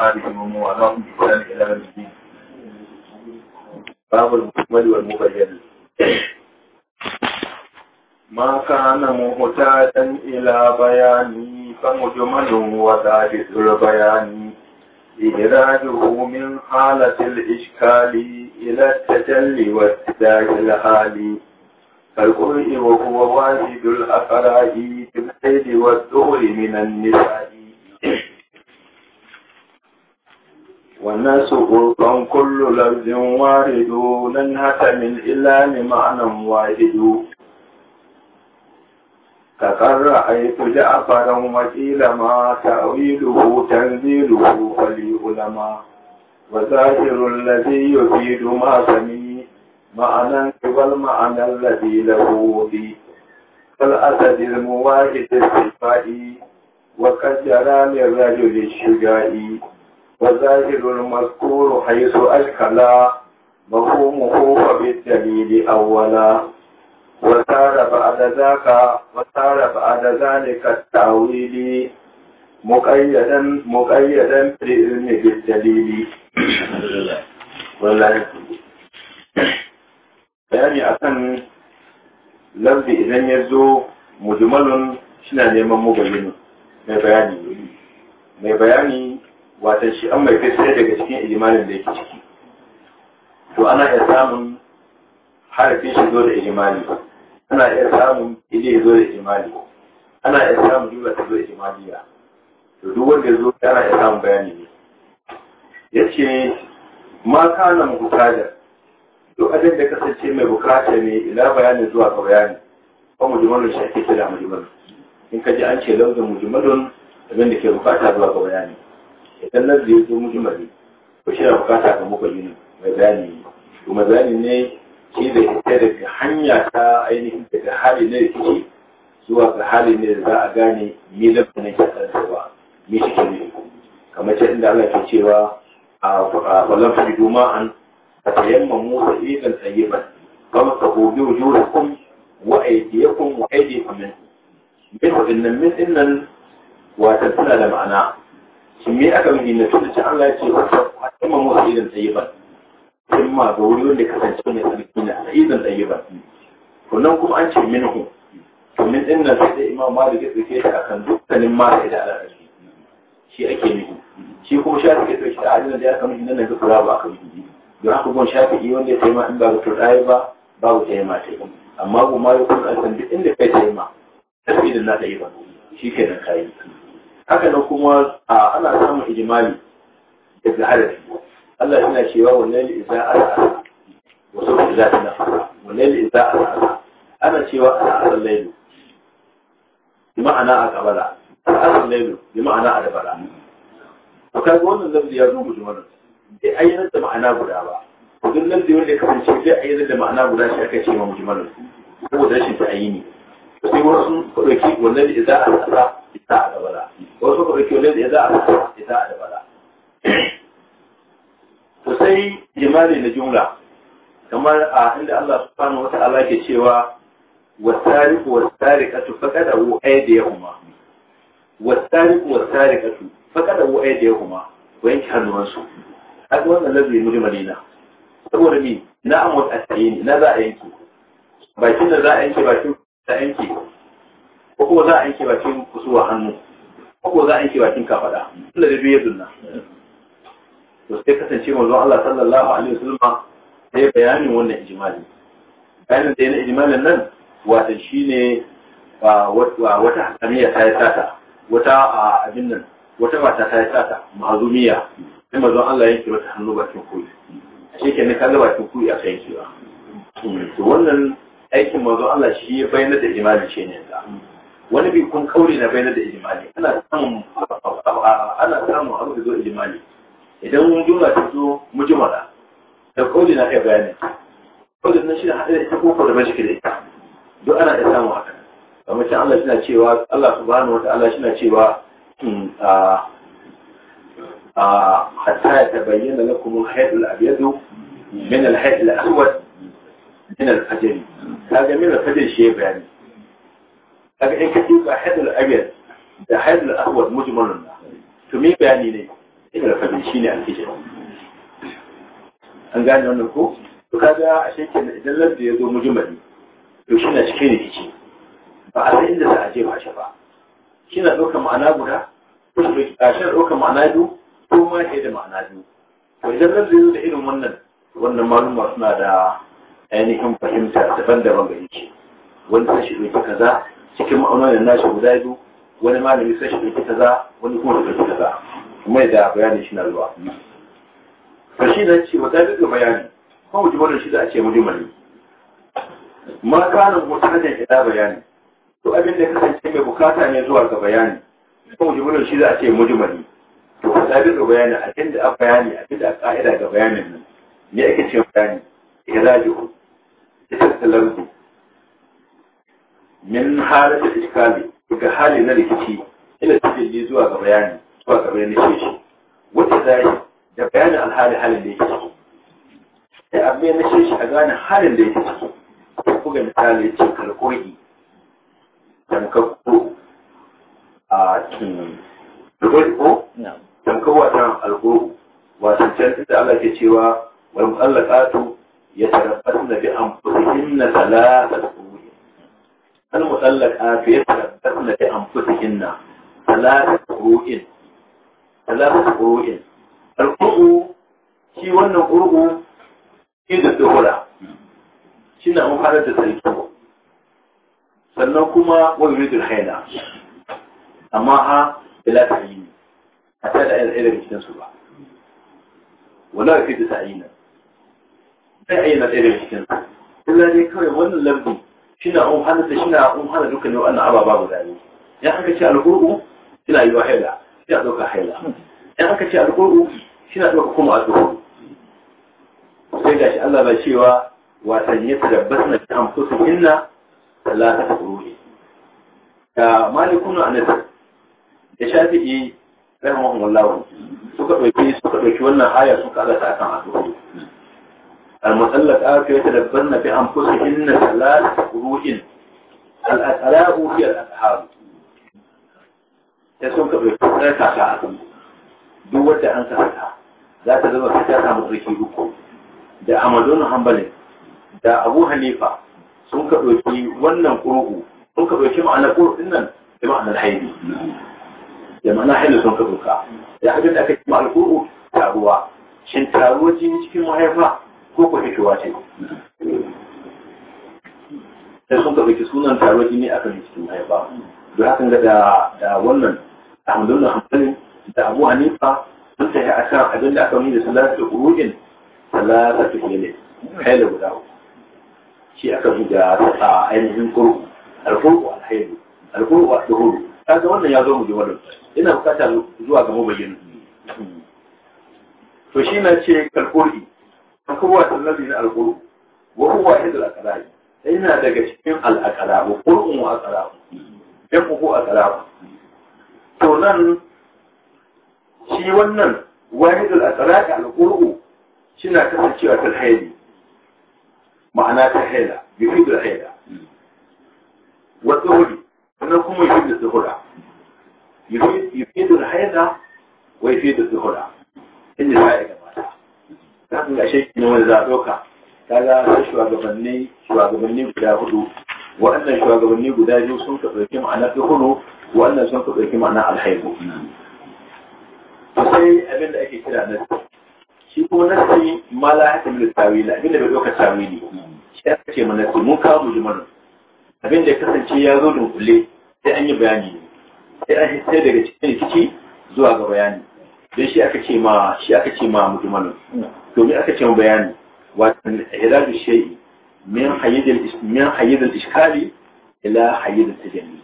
وأصحابهم ومن والاهم بإحسان إلى يوم الدين باب المكمل والمبين ما كان مهتاجا إلى بياني فمجمل وذاهب البيان إدراجه من حالة الإشكال إلى التجلي والسداج الحالي فالقرء وهو واجد الأفراء بالخير والدور من النساء والناس غرقا كل لفظ وارد لن انهتم إلا لمعنى واحد فقد رأيت جعفرا وقيل ما تأويله تنزيله علما وظاهر الذي يفيد ما سمي معنى والمعنى الذي له بي كالأسد المواجد الصفائي وقد جرى من رجل الشجائي وزائد المذكور حيث أشكلا مفهومه فبالدليل أولا وصار بعد ذاك وصار بعد ذلك التأويل مقيدا مقيدا بالعلم بالدليل والله bayani akan lafzi idan ya zo mujmalun shina neman mubayyinu mai bayani mai bayani wata shi an mai fitar daga cikin ijimalin da yake ciki to ana iya samun harafin shi zo da ijimali ana iya samun ile zo da ijimali ana iya samun jumla ta zo da ijimaliya to duk wanda ya zo ana iya samun bayani ne ya ce ma kana muhtajar to abin da kasance mai bukata ne ila bayanin zuwa ga bayani ko mujmalun shi ake kira mujmalun in ka ji an ce lafzin mujmalun abin da ke bukata zuwa ga bayani idan nan da ya zo mujmali to shi na bukata ga mubayyinin mazani to mazani ne shi da ita daga hanya ta ainihin daga hali ne da kike zuwa ga hali ne da za a gane me lafanin ke tsarsawa me shi ke nufi kamar ce inda Allah ke cewa a walan fi duma an a tayamma musa idan tayyiban kama ka hobi wujuhukum wa aydiyakum wa aydiyakum min min nan min nan wata suna da ma'ana shi me aka mini na tunda can Allah ya ce wata mu a idan tayyiban sun ma ga wuri wanda kasance mai tsarki na idan tayyiban kullum kuma an ce min to domin din nan sai imam da ya ke shi kan dukkanin ma da ala shi ake ku. shi kuma shafi ke tsike a adilin da ya kama shi nan ga kura ba aka mini don haka gon shafi wanda ya taima in ba ga rayu ba babu ma ta yi amma ya kuma an san duk inda kai ta yi ta fi da na ta yi ba shi kenan kayan haka nan kuma a ana samun ijimali ibn harafi Allah yana cewa wannan li'iza ala wasu li'iza na wannan li'iza ala ana cewa ana asar lailu bi ma'ana a kabala ana asal lailu bi ma'ana a dabara to kaga wannan lafzi ya zo mujumalan bai ayyana da ma'ana guda ba duk lafzi wanda ya kasance bai ayyana da ma'ana guda shi aka ce ma mujumalan saboda rashin ta ayyini sai wasu ɗauki wannan li'iza ala ita da bala wasu kuma ke wanda ya za a masa ita da bala to sai jimali na jumla kamar a inda Allah subhanahu wata'ala ke cewa wasariqu wasariqatu faqadahu aydiyahuma wasariqu wasariqatu faqadahu aydiyahuma wayanki hannuwansu kaga wannan yi mujmali na saboda ni na amwat asayini na za a yanki bakin da za a yanke bakin da yanke ko kuma za a yanke bakin kusurwa hannu ko kuma za a yanke bakin kafada tunda da biyu ya dunna to sai kasance manzon Allah sallallahu alaihi wasallam sai bayanin wannan ijimali bayanin da yana ijimalin nan wato shine wata hasamiya ta yi sata wata abin nan wata mata ta yi sata mahazumiya sai mazan Allah yanke wata hannu bakin koyi a shekin na kaga bakin koyi a kan yankewa to wannan aikin mazan Allah shi ya bayyana da imani ce ne ta wani bi kun kauri na bayyana da ijimali ana samun ana samun abu da zo ijimali idan mun jumla ta zo mujmala da kauri na iya bayanin kauri na shi da hadari ta kofar da mashi kire duk ana da samun haka kamar can Allah suna cewa Allah su bani subhanahu wataala suna cewa حتى يتبين لكم الحيط الأبيض من الحيط الأسود من الفجر هذا من shi شيء يعني kaga in ka tuka hadal abiyar da hadal ahwar mujmalun to me bayani ne ina fadin shine alfijir an gane wannan ko to kaga a shekin idan lafiya ya zo mujmali to shi na cikin rikici ba a inda za a je ba shi ba shi na ma'ana guda ko shi na ɗaukar ma'ana biyu ko ma ya da ma'ana biyu to idan lafiya ya da irin wannan wannan maluma suna da ainihin fahimta daban-daban ga yake wani sashi ne kaza cikin ma'aunonin nashi guda biyu wani malami sai shi ɗauki kaza wani kuma da ɗauki kaza kuma da bayanin shi na zuwa to shi da ce wata duka bayani ko mu ji wannan shi da a ce mu jimali ma kana mutanen ila bayani to abin da kasance mai bukata ne zuwa ga bayani ko mu ji wannan shi da a ce mu to wata duka bayani a inda a bayani a da a ka'ida ga bayanin nan me ake ce bayani Ya ila Ya ita talabu min halin da iskali daga hali na rikici ila tajalli zuwa ga bayani zuwa ga bayani shi wata zai da bayanin alhali halin da yake ciki sai abu na nashe shi a gane halin da yake ciki ko buga misali ya ce kalkohi tamkakko a cikin ko tamkar watan alkohu wasan can da Allah ke cewa ya mu'allaqatu yatarabbasna bi anfusihinna thalathata المطلقات يتلقن لأنفسهن ثلاثة قروء ثلاثة قروء القروء شي وانا قروء إذا الدهولة شنا مقالة تسلكه sannan kuma wani ridul haila amma ha bila ta yi a ta da irin cikin su ba da ta yi yi kawai wannan shina un hana ta shina un hana dukkan wannan ababa guda ne in aka ce alqur'u shina yi wa haila shina dauka haila in aka ce alqur'u shina dauka kuma azhur sai gashi Allah ba cewa wasan ya tabbasna bi anfusihinna salata qur'u da malikun anas da shafi'i rahimahullahu suka dauki suka dauki wannan aya suka alata akan azhur المطلقات يتلبن بأنفسهن ثلاث قروء الأثلاء في الأسحاب ta sun kaɓe ɗan kaka a duk wadda an kasa za ta zama ta ta samu tsarki uku da amazon hambalin da abu hanifa sun ka ɗauki wannan ƙurgu sun ka ɗauki ma'ana ƙurgun nan da ma'anar haini da ma'anar haini sun ka ɗauka da da aka ce ma'anar ƙurgu taruwa shin taruwa cikin mahaifa ko ko fitowa ce sai sun ka baki sunan taron jini a kan cikin haifa don hakan ga da wannan alhamdulillah hamdani da abu hanifa sun ta yi akan abin da aka yi da salatu urujin salatu hilal haila guda shi aka fi da a ainihin kurku alkurku alhailu alkurku alhudu kaga wannan ya zo mu ji wannan ina bukata zuwa ga bayyana. to shi na ce kalkurki هو الذي القلوب وهو حد الأقلاب إنا دقشين الأقلاب قلقوا أقلاب يقفوا أقلاب تونن شيوانن واحد الأقلاب على قلقوا شنا كمان شوية الحيدي معنى تحيلة يفيد الحيلة وتولي أنكم يفيد الدخولة يفيد يفيد الحيلة ويفيد الدخولة إني الحيلة kafin ga shi ne wanda za a ɗauka kaga na shugabanni shugabanni guda hudu waɗannan shugabanni guda biyu sun ka ɗauki ma'ana ta hudu waɗannan sun ka ɗauki ma'ana alhaibu sai abin da ake kira na shi kuma na nasi ma la ta da tawili abin da bai ɗauka tawili shi ya ce mana mun kawo mujmanin abin da kasance ya zo dunkule sai an yi bayani ne sai an hisse daga cikin rikici zuwa ga bayani don shi aka ce ma shi aka ce ma mujmalu to me aka ce ma bayani wa ihraju shay'i min hayyid min hayyid al ila hayyid al-tajalli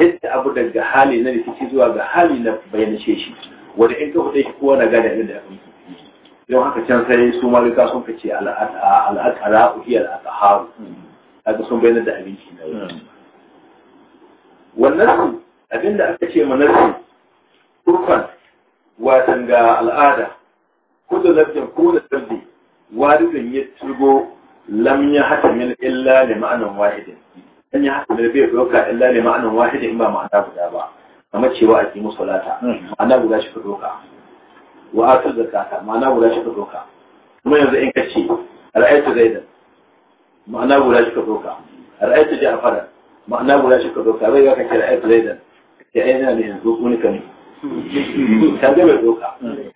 yadda abu daga hali na rikici zuwa ga hali na bayyana shi wanda in ka fada shi kowa na gada inda aka yi don haka can sai su malika sun kace al'aqara uhi al'aqharu hmm. kaga sun bayyana da abinci na hmm. wannan abinda aka ce ma manasi turfan watan ga al'ada da nafsin ko da sabbi walidin ya turgo lam ya hata min illa li ma'anan wahidin an ya hata bai doka illa li ma'anan wahidin ba ma'ana guda ba amma cewa a kimu salata hmm. ma'ana guda shi doka wa atu zakata ma'ana guda shi doka kuma yanzu in ka ce ra'aytu zaidan ma'ana guda shi doka ra'aytu ja'far ma'ana guda shi doka bai ga ka ce ra'aytu zaidan ka ce ainihin yanzu kunika ne ta ga mai doka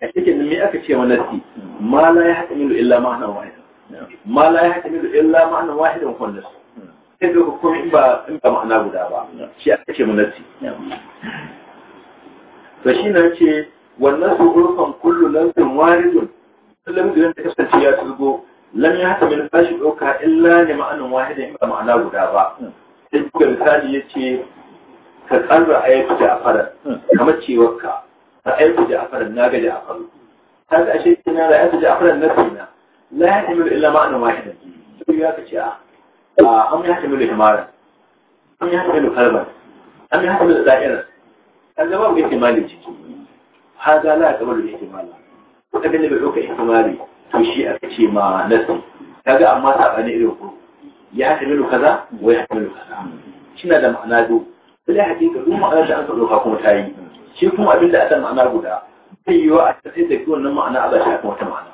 a cikin me aka ce wa nasi ma la ya haɗa milu illa ma'anar wahidan ma la ya haɗa milu illa ma'anar wahidan kun nasu sai doka kuma in ba in ba ma'ana guda ba shi aka ce mu nasi to shi na ce wannan su urfan kullu lantin waridun kullum da ta kasance ya turgo lam ya haka min bashi doka illa ne ma'anin wahidan ba ma'ana guda ba sai kuka misali ce. ka tsan ra'ayar ja'afar kamar cewar ka ra'ayar ja'afar na gaji a faru. ta ga ashe kina ra'ayar ja'afar na kina la ya tamilu illa ma'ana wahidan to ya ka ce a ah, ah, am ya da himara am ya tamilu kalba am ya tamilu da'ira kaga babu ihtimali ciki haza la tamilu ihtimali kaga ne bai ɗauka dauka ihtimali to shi aka ce ma nasi kaga amma ta sabani irin ku ya da kaza wa ya da kaza Shi na da ma'ana duk sai hakika duk ma'anar da aka ɗauka kuma ta yi shi kuma abin da aka ma'ana guda zai wa a sai da wannan ma'ana a zashi akan wata ma'ana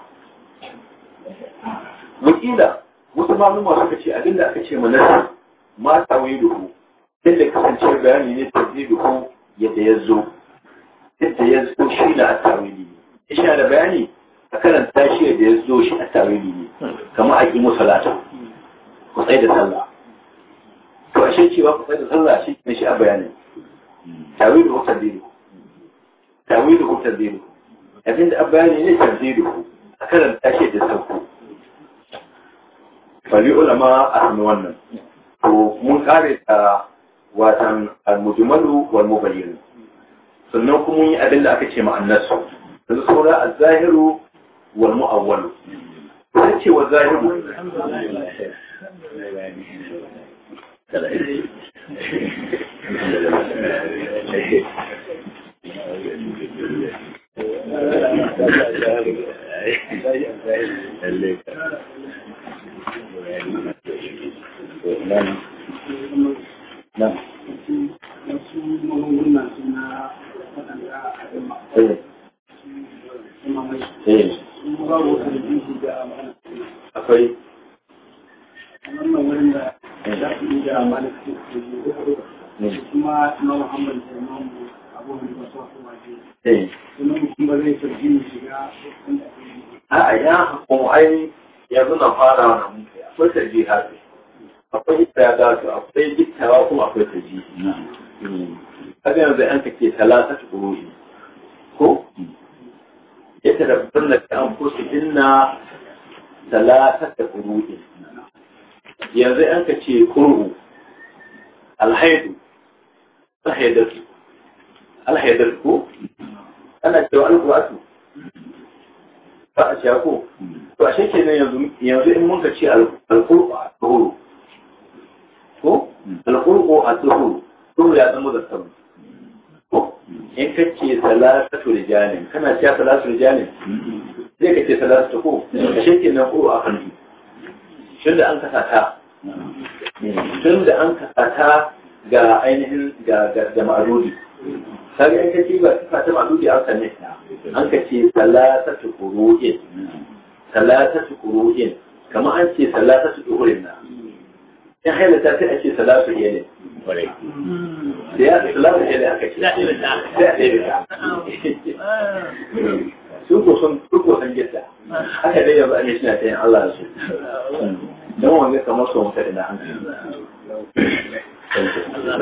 wakila wasu maluma masu ce abin da aka ce mana mata wai duhu yadda kasance bayani ne ta zai duhu yadda ya zo yadda ya zo shi na a tawili ne shi da bayani a karanta shi yadda ya zo shi a tawili ne kamar a yi musalata ku tsaye da sallah to ashe cewa ku sai sallah shi ne shi a bayanin tawilu tadilu tawilu tadilu abin da bayani ne tadilu a karan tashi da sauku bali ulama a sami wannan to mun kare da watan al-mujmalu wal mubayyin sannan kuma yi abin da aka ce ma annasu yanzu saura a zahiru wal mu'awwalu ta ce wa zahiru No. tarjiha akwai istiyadatu akwai gittawa kuma akwai tarjihi kaga yanzu yanka ke talata ta kuruhi ko ya tarabbin da kan kusa inna talata ta kuruhi yanzu yanka ce kur'u, alhaidu ta ko ana cewa alkuwatu ba a ciya ko to ashe ke nan yanzu yanzu in mun ka ce alƙur'u a tsoro ko alƙur'u a tsoro tsohoro ya zama da tsoro ko in ka ce salatu rijalin kana ciya salatu rijalin zai ka ce salatu ko ashe ke nan ƙuru a hannu tun da an ka sata tun da an ka sata ga ainihin ga ma'adudi kaga in ka ce ba ta ma'adudi a kan ta an ka ce salatatu salata ta quru'in kama an ce ta duhurin na in haina ta ce salatu yalin kwarai da ya salatu aka ce sai a ɗaya ta sun ko gita aka dai yanzu an yi shi na ta yin Allah su don wani kamar su mutane na hankali